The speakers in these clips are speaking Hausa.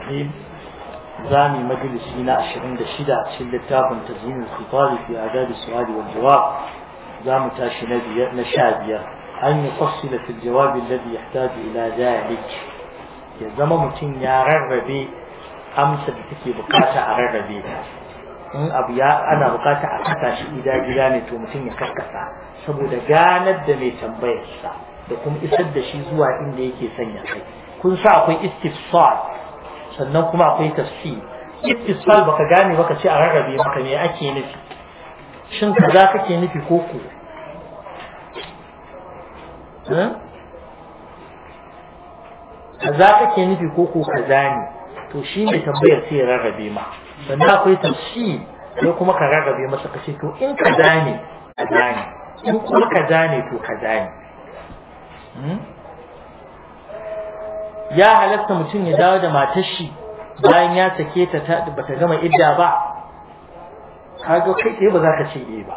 الرحيم زامي مجلس هنا عشرين دشدة عشان لتاب تزيين الخطاب في أعداد السؤال والجواب زام تاشي نشادية أن يفصل في الجواب الذي يحتاج إلى ذلك يزم متين يا ربي أمس بتكي بقاتا عربي إن abu أنا ana bukata إذا kasa shi gida gida ne to mutum ya karkasa إسد شيزوا إن ليكي tambayarsa كن kuma استفصال sannan kuma akwai tafsir ittisal baka gane baka ce a rarrabe maka me ake nufi shin ka za kake nufi ko ku Ka za kake nufi ko ku ka zane to shi ne tambayar sai rarrabe ma sannan akwai tafsir sai kuma ka rarrabe masa ka ce to in ka ne ka zane in kuma ka ne to kaza ne hmm? ya halatta mutum ya dawo da matar shi bayan ya sake ta bata gama idda ba kaga kai ba za ka ce eh ba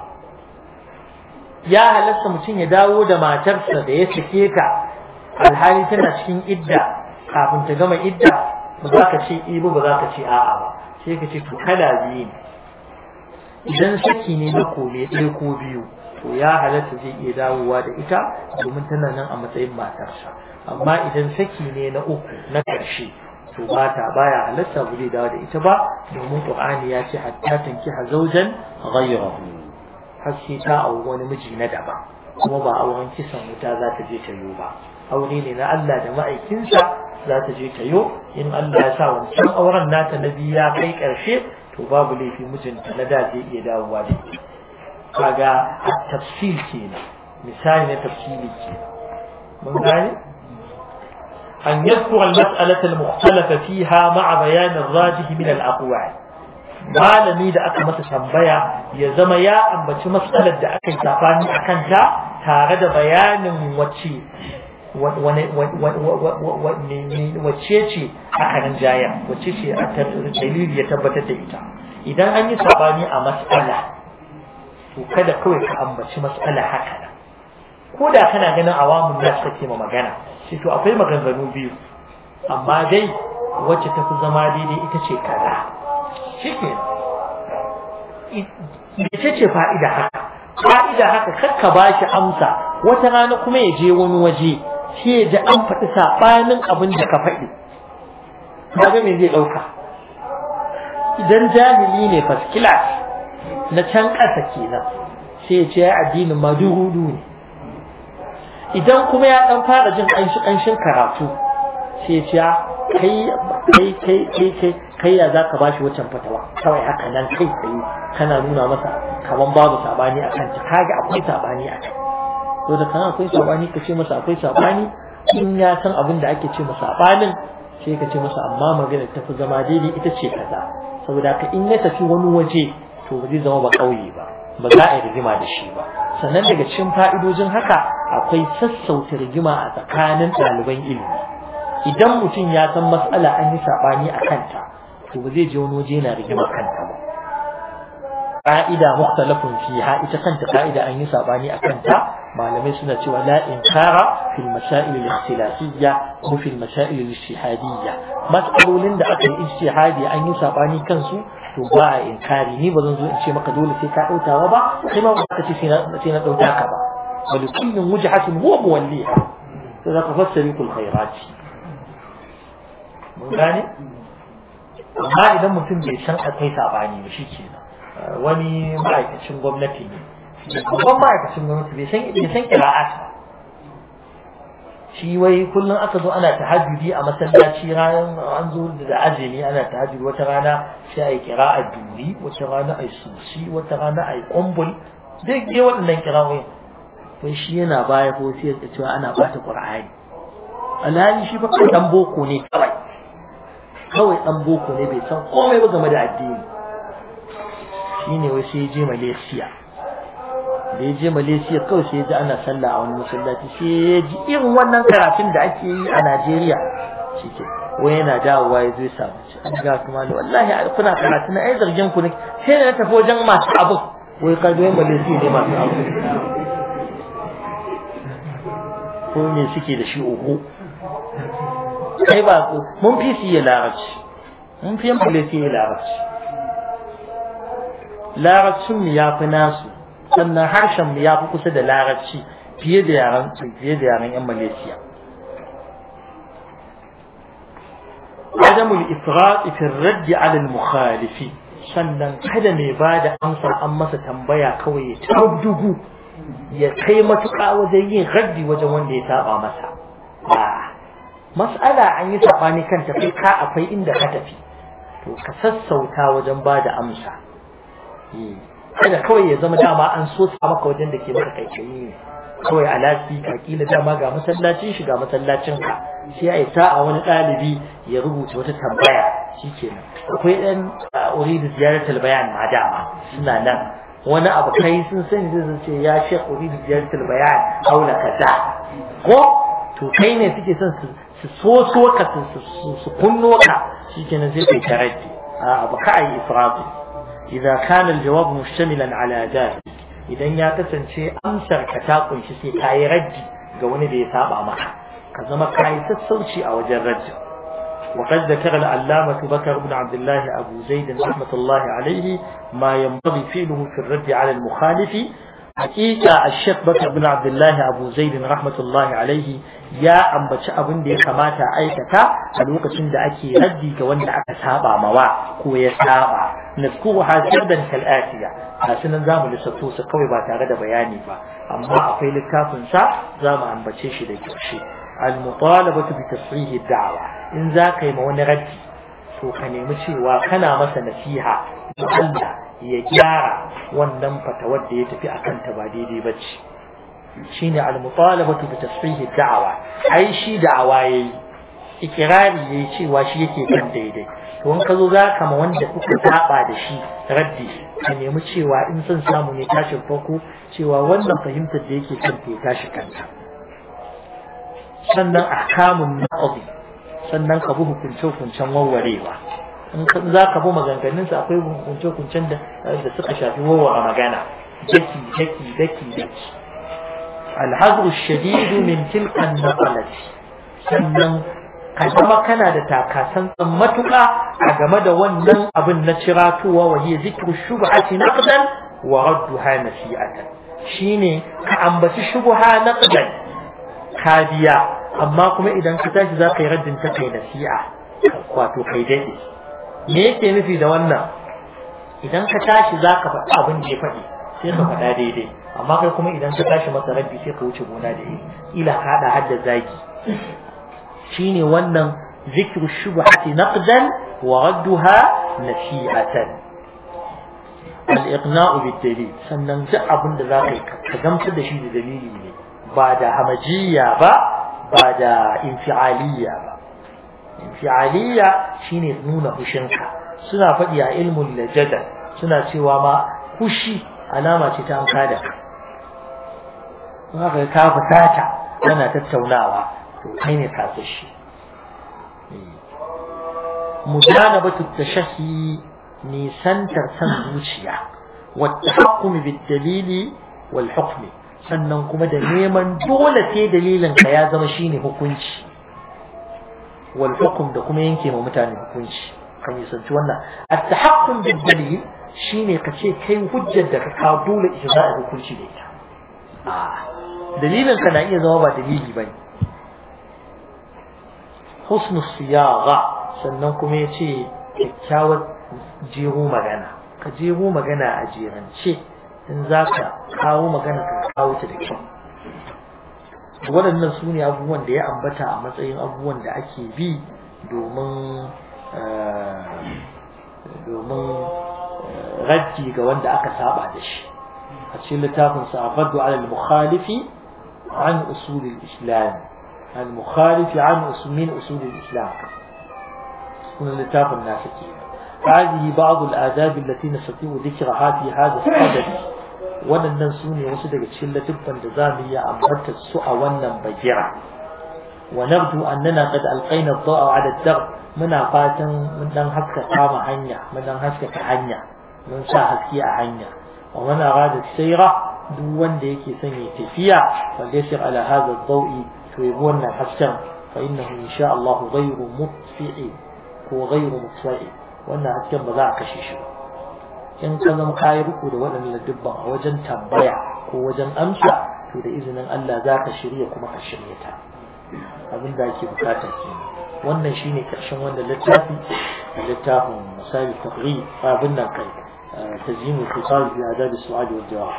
ya halatta mutum ya dawo da matarsa da ya sake ta alhali tana cikin idda kafin ta gama idda ba za ka ce eh ba za ka ce a'a ba sai ka ce to kala biyu ne idan saki ne na kome ɗaya ko biyu to ya halatta zai iya dawowa da ita domin tana nan a matsayin matarsa amma idan saki ne na uku na ƙarshe to ba ta baya halatta ba zai dawo da ita ba domin qur'ani ya ce hatta tankiha zawjan ghayrahu har sai ta auri wani miji na daba. kuma ba auren kisan wuta za ta je ta yo ba aure ne na Allah da ma'aikinsa za ta je ta yo in Allah ya sa wancan auren nata na biyu ya kai ƙarshe to babu laifi mijinta na da zai iya dawowa da ita kaga tafsil kenan misali na tafsili kenan mun gane أن يذكر المسألة المختلفة فيها مع بيان min من الأقوال malami da aka masa tambaya ya zama ya ambaci matsalar da aka yi safani a kanta tare da bayanin wacce wacce ce a karin jaya wacce ce a dalili ya tabbatar da ita idan an yi sabani a matsala to kada kawai ka ambaci matsala haka nan ko da kana ganin awamun nas kake ma magana sai to akwai maganganu biyu amma dai wacce ta fi zama daidai ita ce kaza shike ita ce fa'ida haka fa'ida haka kakka ba shi amsa wata rana kuma ya je wani waje shi ya ji an faɗi saɓanin abin da ka faɗi ga me zai ɗauka idan jahili ne faskila na can ƙasa kenan sai ya ce ya addinin ma ne idan kuma ya ɗan fara jin ƙanshin karatu sai ya ce ya kai kai kai kai kai ya za ka ba shi wacan fatawa kawai haka nan kai tsaye kana nuna masa ba babu sabani a kan kanta ga akwai sabani a kan? to da kana akwai sabani ka ce masa akwai sabani in ya san abin da ake ce masa sabanin sai ka ce masa amma maganar tafi zama daidai ita ce kaza saboda ka in ya tafi wani waje to ba zai zama ba ƙauye ba ba za a yi rigima da shi ba sannan daga cikin fa'idojin haka akwai sassauta rigima a tsakanin ɗaliban ilimi idan mutum ya san matsala an yi saɓani a kanta to ba zai je wani waje yana rigima kanta ba ƙa'ida fi ha ita kanta ƙa'ida an yi saɓani a kanta malamai suna cewa la kara fil masail al ikhtilafiyya ko fil masail al ijtihadiyya matsalolin da aka yi ijtihadi an yi saɓani kansu to ba inkari ni ba zan zo in ce maka dole sai ka dautawa ba kai ma ba ka ce sai na dauta ka ba wani kullum wujhatun huwa muwalliha sai zaka fassari kul khairati mun gane amma idan mutum bai san akwai sabani ba shi ke wani ma'aikacin gwamnati ne babban ma'aikacin gwamnati bai san bai san shi wai kullum aka zo ana tahajjudi a masallaci ranar an zo da azumi ana tahajjudi wata rana sai ai a duri wata rana ai susi wata rana ai qumbul zai je waɗannan qira'o'i wai shi yana baya ko sai ya cewa ana bata qur'ani alhali shi fa dan boko ne kawai kawai dan boko ne bai san komai ba game da addini shine wai sai ya je Malaysia da ya je Malaysia kawai sai ya ji ana sallah a wani masallaci sai ya ji irin wannan karatun da ake yi a Najeriya shi ke wani yana dawowa ya zai samu ci an ga kuma da wallahi kuna karatu na ai zargin ku ne sai na tafi wajen masu abu wai ka zo Malaysia ne masu abu ko me suke da shi uku kai ba ku, mun fi su yi larabci mun fi yin Malaysia yi larabci larabcin mu ya fi nasu sannan harshen mu ya fi kusa da larabci fiye da yaren fiye da yaren yan malaysia عدم الإفراط في الرد sannan kada mai ba da amsa an masa tambaya kawai ya tabdugu ya kai matuƙa wajen yin raddi wajen wanda ya saba masa ah, mas'ala an yi saɓani kan tafi ka akwai inda ka tafi to ka sassauta wajen ba da amsa eh. kada kawai ya zama dama an so sa maka wajen da ke maka kaikayi ne kawai a lati ka kila dama ga masallacin shi ga masallacin ka sai a yi sa'a wani ɗalibi ya rubuta wata tambaya Shikenan akwai ɗan uridu ziyaratul bayan ma dama suna nan wani abu kai sun sani zai ce ya shek uridu ziyaratul bayan aula kaza ko to kai ne suke son su so so ka su kunno ka Shikenan sai kai taraji a abu yi israfi إذا كان الجواب مشتملا على ذلك إذا يا كسن شيء أمسر كتاقن شيء كاي رج قواني دي سابع كذا ما كاي تتصوشي أو جرج وقد ذكر العلامة بكر بن عبد الله أبو زيد رحمة الله عليه ما ينبغي فعله في الرد على المخالف hakika Sheikh Bakar bin Abdullahi Abu Zaid rahmatullahi alaihi ya ambaci abin da ya kamata a aikata a lokacin da ake raddi ga wanda aka saba mawa ko ya saba naskuru hasidan kal'atiya a sunan zamu lissafto su kawai ba tare da bayani ba amma akwai littafin sa zamu ambace shi da kyau al-mutalabatu bi tasrihi da'wa in za ka yi ma wani raddi to ka nemi cewa kana masa nasiha da Allah ya gyara wannan fatawar da ya tafi akan ta ba daidai ba ce shine al da bi tasfihi da'awa ai shi da'awa yayi ikirari yayi cewa shi yake kan daidai to in ka zo za ka ma wanda kuka saba da shi raddi ka nemi cewa in son samu ne tashin farko cewa wannan fahimtar da yake kan to tashi kanta sannan ahkamun naqdi sannan ka bi hukunce-hukuncen warwarewa in za ka bi maganganun su akwai hukunce-hukuncen da suka shafi warware magana daki daki daki daki alhazru shadidu min tilkan naqalati sannan ka zama kana da takasan matuƙa a game da wannan abin na ciratuwa wa hiya zikru shubhati naqdan wa radduha nasi'atan shine ka ambaci shubha naqdan kadiya amma kuma idan ka tashi za ka yi raddin ta kai nasi'a wato kai daɗe me yake nufi da wannan idan ka tashi za ka faɗi abin da ya faɗi sai ka faɗa daidai amma kai kuma idan ka tashi masa rabbi sai ka wuce gona da yi ila haɗa hadda zagi shine wannan zikiru shubhati naqdan wa radduha nasi'atan al-iqna'u bid-dalil sannan duk abin da za ka yi ka gamsar da shi da dalili ne ba da hamajiya ba بعد انفعالية انفعالية شيني نون هشنك سنة فدي علم لجد سنة سوى ما هشي علامة تتام كادك وغير كاف ذاتا أنا تتوناوا أين تاتشي مجانبة التشهي نيسان ترسم بوشيا والتحكم بالدليل والحكم sannan kuma da neman dole sai dalilinka ya zama shine hukunci wal hukum da kuma yanke ma mutane hukunci kan yi sanci wannan at-tahaqqum bil dalil shine ka ce kai hujjar da ka kawo dole ita za a hukunci da ita Dalilinka na iya zama ba dalili ba ne. husnu siyagha sannan kuma ya ce, kyakkyawar jeho magana ka jeho magana a jerance in za ka kawo magana ka kawo ta da kyau waɗannan su ne abubuwan da ya ambata a matsayin abubuwan da ake bi domin domin raddi ga wanda aka saba da shi a cikin littafin sa faddu ala al-mukhalifi an usul al-islam al-mukhalifi an usul min usul al-islam kun littafin nasa ke هذه بعض الآداب التي نستطيع ذكرها في هذا الصدد waɗannan su ne wasu daga cikin latubban da za mu yi ambata su a wannan bagira wa nabdu annana qad alqaina ad-da'a 'ala ad-darb muna fatan mun dan haska kama hanya mun dan haska ka hanya mun sa haske a hanya wa man arada sayra duk wanda yake son ya tafiya fa yasir ala hadha ad-daw'i to yi wannan hasken fa innahu insha Allah ghayru mutfi'i ko ghayru mutfi'i wannan hasken ba za a kashe shi ba in ka zama ka yi riko da waɗannan dubban a wajen tambaya ko wajen amsa to da izinin Allah za ka shirya kuma ka shirya ta abin da ake bukata ke wannan shine karshen wanda littafi littafin misali tafri abin nan kai tazimu fisal bi adabi su'ad wa jawab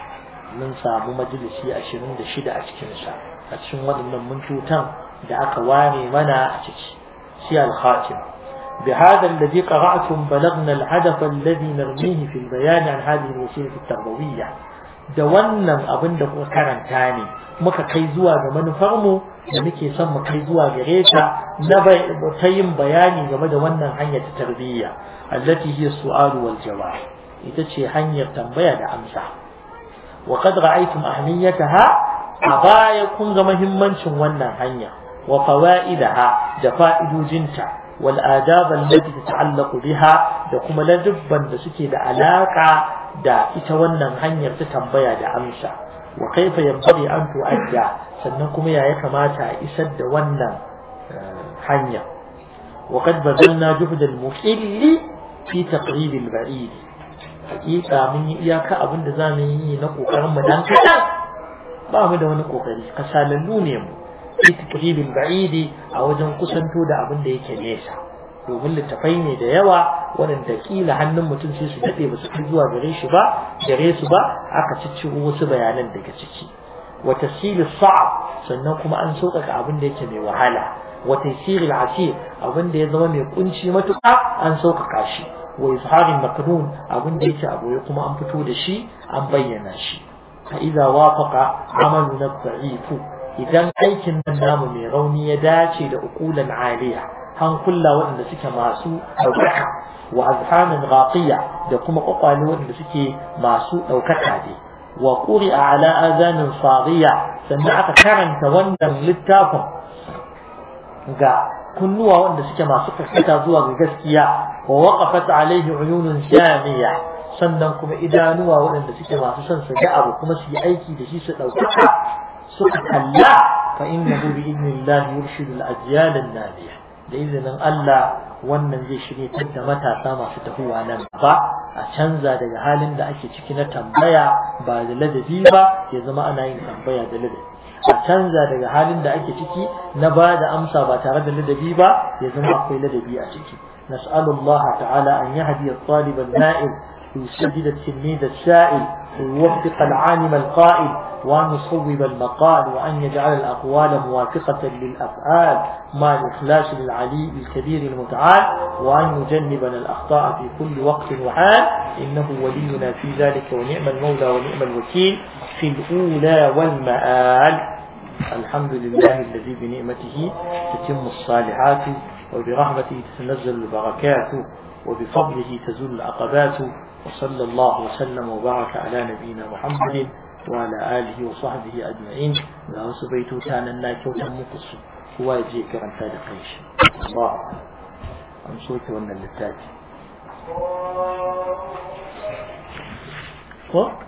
mun samu majalisi 26 a cikin sa a cikin waɗannan mintutan da aka ware mana a ciki sai al-khatim بهذا الذي قرأتم بلغنا الهدف الذي نرميه في البيان عن هذه الوسيلة التربوية da wannan abin da kuka karanta ne muka kai zuwa ga manufarmu da muke son mu kai zuwa gare ta na ta yin bayani game da wannan hanyar ta tarbiyya allati hiya su'alu wal jawab ita ce hanyar tambaya da amsa wa qad ra'aytum ahamiyataha a baya kun ga muhimmancin wannan hanya wa fawaidaha da fa'idojinta والآداب التي تتعلق بها دكما لجبا دسكي دا علاقة دا إتوانا هنير تتنبيا دا أمسا وكيف ينبغي أن تؤدى سنكم يا يكماتا إسد وانا هنير وقد بذلنا جهد المقل في تقريب البعيد حقيقة من إياك أبن دزامي نقو كرم دان كتاب ba mu da wani kokari kasalallu ne mu fi taqribil ba'idi a wajen kusanto da abin da yake nesa domin littafai ne da yawa waɗanda kila hannun mutum sai su daɗe ba su fi zuwa gare shi ba gare su ba aka cicciro wasu bayanan daga ciki wa tasilu sa'ab sannan kuma an sauƙaƙa abin da yake mai wahala wa tasiril asir abin da ya zama mai kunci matuƙa an sauƙaƙa shi wa izharin maknun abin da yake aboye kuma an fito da shi an bayyana shi fa iza wafaqa amalu nafsihi idan aikin nan namu mai rauni ya dace da uqulan aliya hankula waɗanda suke masu ɗaukaka wa azhanan da kuma kwakwale waɗanda suke masu ɗaukaka ne wa a ala azanin sannan aka karanta wannan littafin ga kunnuwa waɗanda suke masu fuskata zuwa ga gaskiya wa waqafat alaihi uyunun shamiya sannan kuma idanuwa waɗanda suke masu son su ga abu kuma su yi aiki da shi su ɗaukaka suka kalla fa innahu bi idnillahi yurshidu al-ajyal an-nabiya da izinin Allah wannan zai ta da matasa masu tafiya nan ba a canza daga halin da ake ciki na tambaya ba da ladabi ba ya zama ana yin tambaya da ladabi a canza daga halin da ake ciki na ba da amsa ba tare da ladabi ba ya zama akwai ladabi a ciki nas'alullaha ta'ala an yahdi at-talib an ويسدد التلميذ السائل ويوفق العالم القائل وأن يصوب المقال وأن يجعل الأقوال موافقة للأفعال مع الإخلاص للعلي الكبير المتعال وأن يجنبنا الأخطاء في كل وقت وحال إنه ولينا في ذلك ونعم المولى ونعم الوكيل في الأولى والمآل الحمد لله الذي بنعمته تتم الصالحات وبرحمته تتنزل البركات وبفضله تزول العقبات وصلى الله وسلم وبارك على نبينا محمد وعلى آله وصحبه أجمعين لا سبيتو تانا لا كوتا مقص هو يجي كرم صادق الله أن صوت وأن اللتاتي